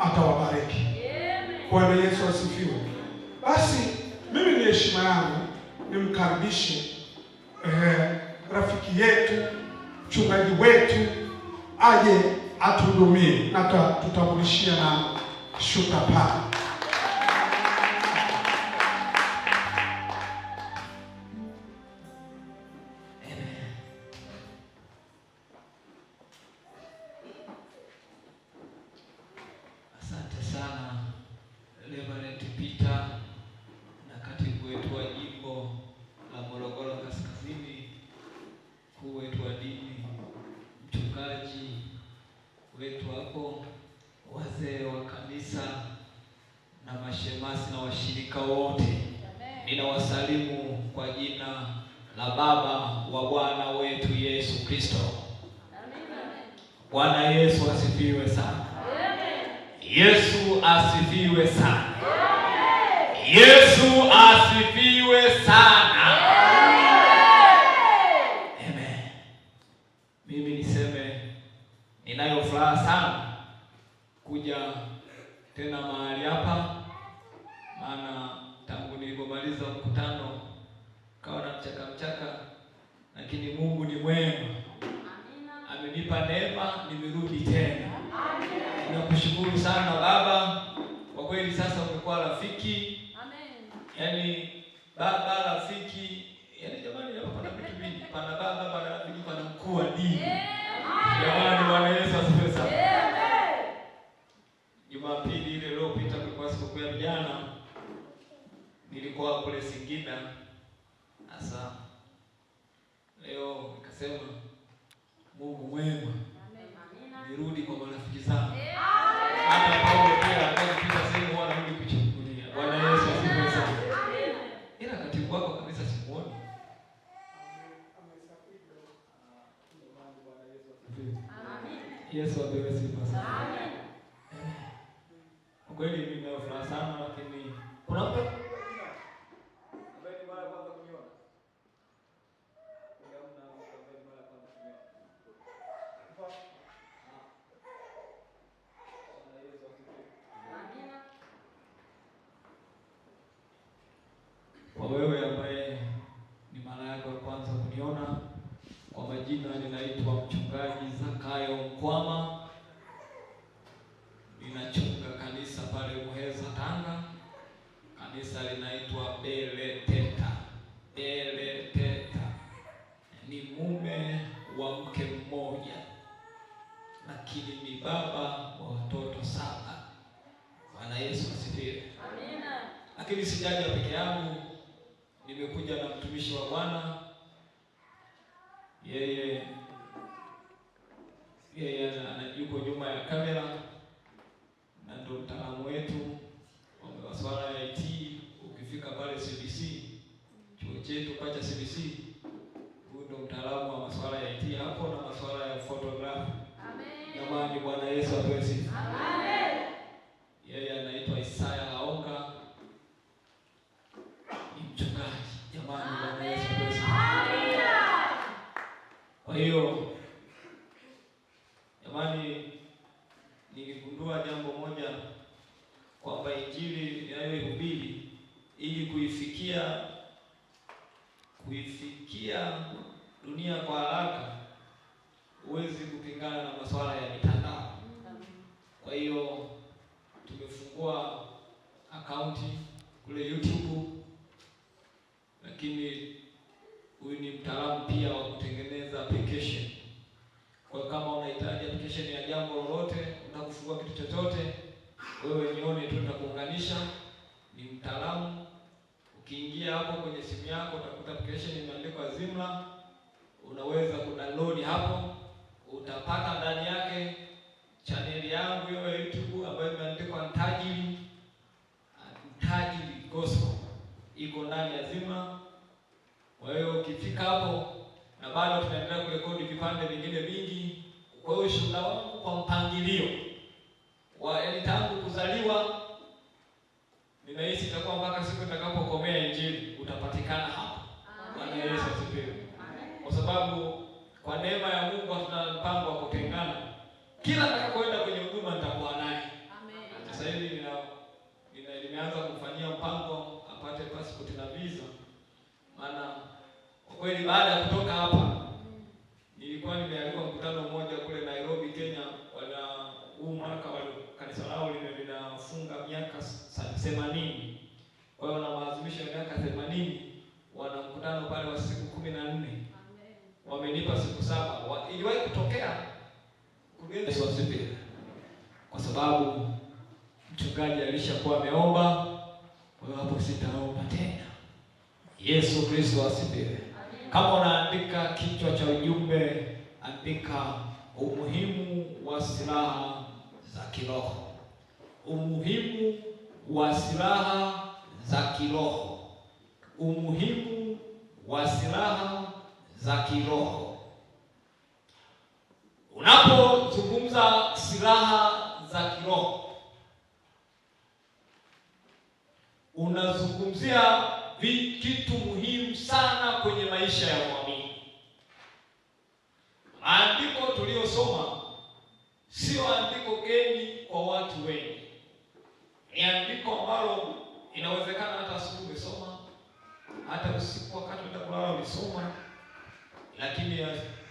atawabariki. Bwana Yesu asifiwe. Basi mimi ni heshima yangu nimkaribishe eh, rafiki yetu mchungaji wetu aje atuhudumie na tutamrudishia na shuka paa na Baba wa Bwana wetu Yesu Kristo. Bwana Yesu asifiwe sana. Yesu asifiwe sana. Yesu asifiwe sana. Nashukuru sana baba, kwa kweli sasa umekuwa rafiki. Amen. Yaani baba rafiki, yaani jamani, hapa pana vitu vingi, pana baba, pana rafiki, pana mkuu wa dini. Jamani, Bwana Yesu asifiwe sana. Jumapili ile iliyopita kulikuwa siku ya vijana, nilikuwa kule Singida hasa. Leo nikasema Mungu mwema Hata Paulo pia anapopita sehemu huwa anarudi kujifungulia. Bwana Yesu asifiwe sana. Ila katibu wako kabisa simuoni. Yesu apewe sifa sana. Amen. mimi sijaja peke yangu Kwa hiyo tumefungua akaunti kule YouTube, lakini huyu ni mtaalamu pia wa kutengeneza application. Kwa kama unahitaji application ya jambo lolote, unakufungua kitu chochote, wewe nione tu, tutakuunganisha. Ni mtaalamu. Ukiingia hapo kwenye simu yako utakuta application imeandikwa Zimla, unaweza kudownload hapo, utapata ndani yake chaneli yangu hiyo ya YouTube ambayo imeandikwa Ntajiri Ntajiri Gospel iko ndani ya Zima. Kwa hiyo ukifika hapo, na bado tunaendelea kurekodi vipande vingine vingi. Kwa hiyo shughuli wangu kwa mpangilio wa yani, tangu kuzaliwa, ninahisi itakuwa mpaka siku nitakapokomea injili utapatikana hapa. Bwana Yesu asifiwe, kwa sababu kwa neema ya Mungu hatuna mpango wa kutengana kila atakapoenda kwenye huduma nitakuwa naye. Amen. Sasa hivi nina nina nimeanza kumfanyia mpango apate passport na visa, maana kwa kweli baada ya sababu mchungaji alishakuwa ameomba, kwa hiyo hapo sitaomba tena. Yesu Kristo asifiwe. Kama unaandika kichwa cha ujumbe, andika umuhimu wa silaha za kiroho, umuhimu wa silaha za kiroho, umuhimu wa silaha za kiroho. Unapozungumza silaha unazungumzia kitu muhimu sana kwenye maisha ya mwamini. Maandiko tuliyosoma sio andiko geni kwa watu wengi, ni andiko ambalo inawezekana hata asubuhi umesoma, hata usiku wakati unaenda kulala umesoma, lakini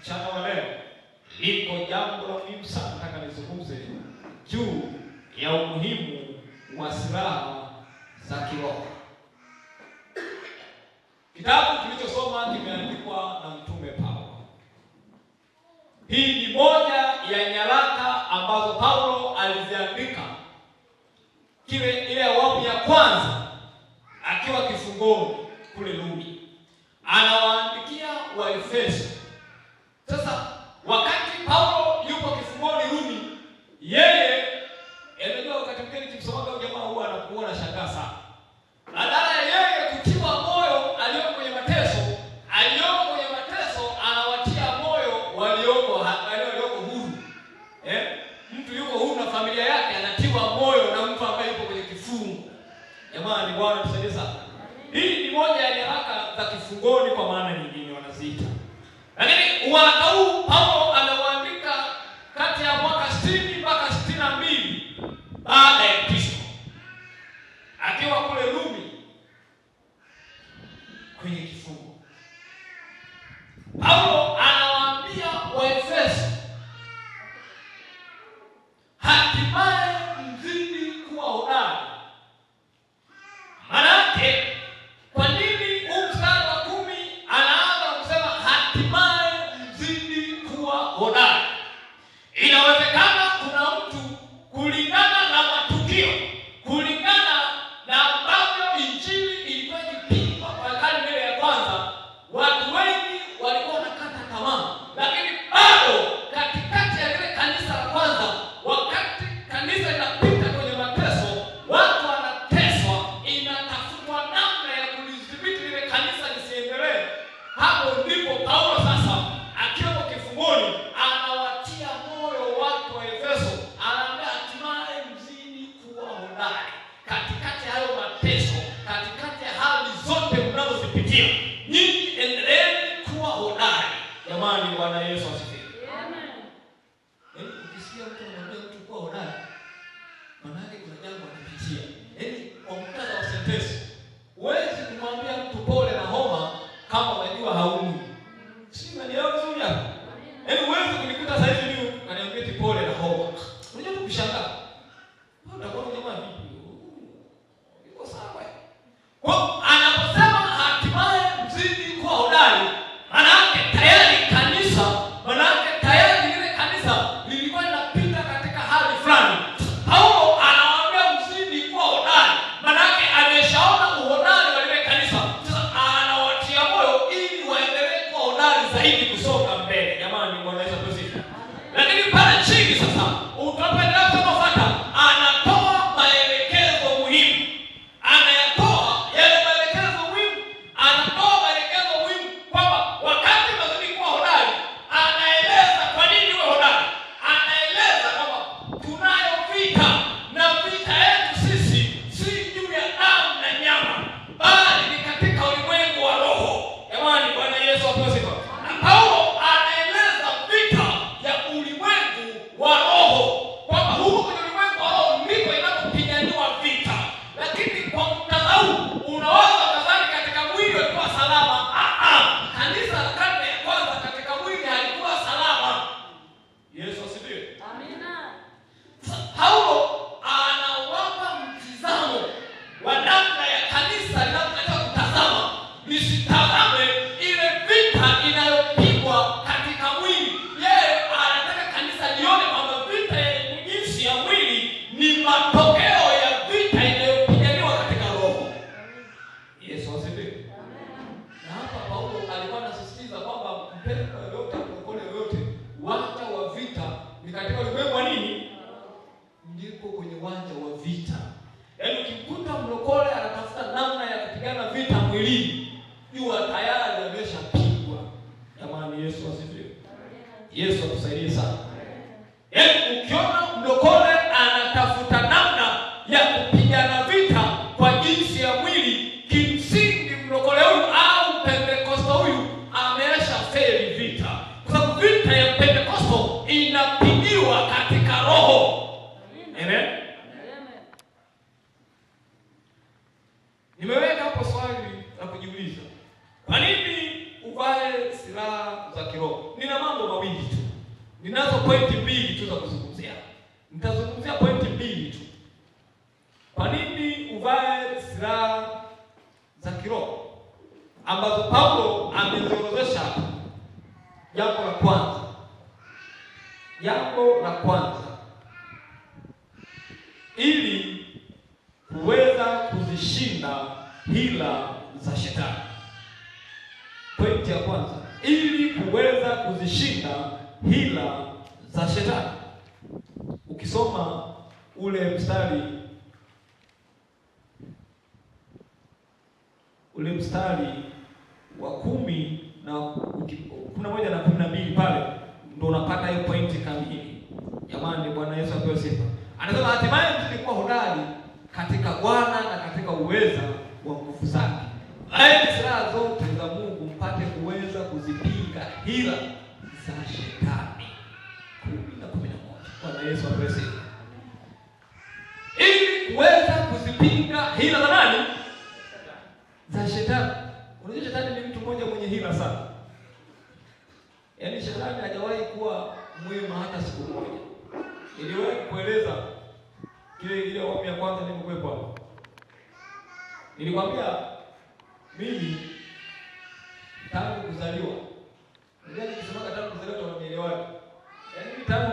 mchana wa leo liko jambo la muhimu sana nataka nizungumze juu ya umuhimu wa silaha za kiroho. Kitabu kilichosoma kimeandikwa na Mtume Paulo. Hii ni moja ya nyaraka ambazo Paulo aliziandika kile ile awamu ya kwanza akiwa kifungoni kule Rumi, anawaandikia Waefeso. Sasa wakati Paulo Shall Jona mlokole anatafuta namna ya kupigana vita kwa jinsi ya mwili. Kimsingi mlokole huyu au pentekosto huyu ameasha feli vita, kwa sababu vita ya pentekosto inapigiwa katika roho. Amen. Nimeweka hapo swali la kujiuliza, kwa nini uvae silaha za kiroho? Nina mambo mawili tu, ninazo pointi mbili tu za kuzungumzia. Nitazungumzia pointi mbili tu. Kwa nini uvae silaha za kiroho ambazo Paulo ameziorodhesha hapa? Jambo la kwanza, jambo la kwanza, ili kuweza kuzishinda hila za shetani. Pointi ya kwanza, ili kuweza kuzishinda hila za shetani. Ukisoma ule mstari ule mstari wa kumi na kumi na moja na kumi na mbili pale ndio unapata hiyo pointi kamili. Jamani, Bwana Yesu apewe sifa. Anasema hatimaye mlikuwa hodari katika Bwana na katika uweza wa nguvu zake, laiti silaha zote za Mungu mpate kuweza kuzipinga hila Bwana Yesu asifiwe. Ili kuweza kuzipinga hila za nani? Za shetani. Unajua shetani ni mtu mmoja mwenye hila sana. Yaani shetani hajawahi kuwa mwema hata siku moja. Niliwahi kueleza kile ile awamu ya kwanza nilikuwepo hapo. Nilikwambia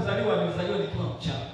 kuzaliwa nilizaliwa nikiwa mchanga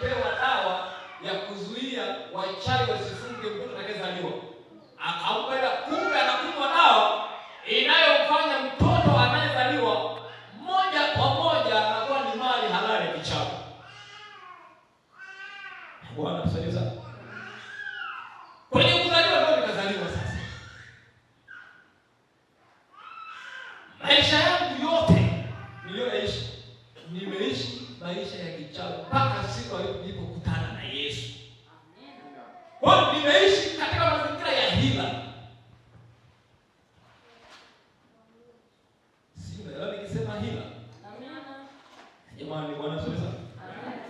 alipewa dawa ya kuzuia wachawi wasifunge mtoto atakayezaliwa akaupenda nimeishi katika mazingira ya hila. Si unaelewa nikisema hila? Jamani Bwana Yesu. Amina.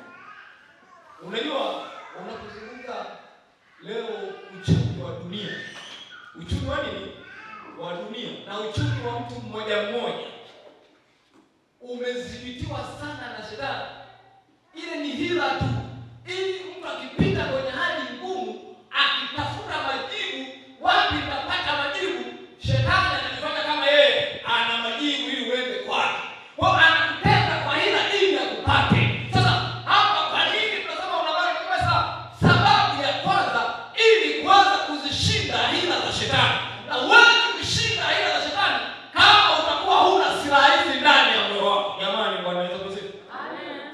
Unajua unapozungumza leo uchumi wa dunia. Uchumi wa nini? Wa dunia na uchumi wa mtu mmoja mmoja umedhibitiwa sana na shetani. Ile ni hila tu.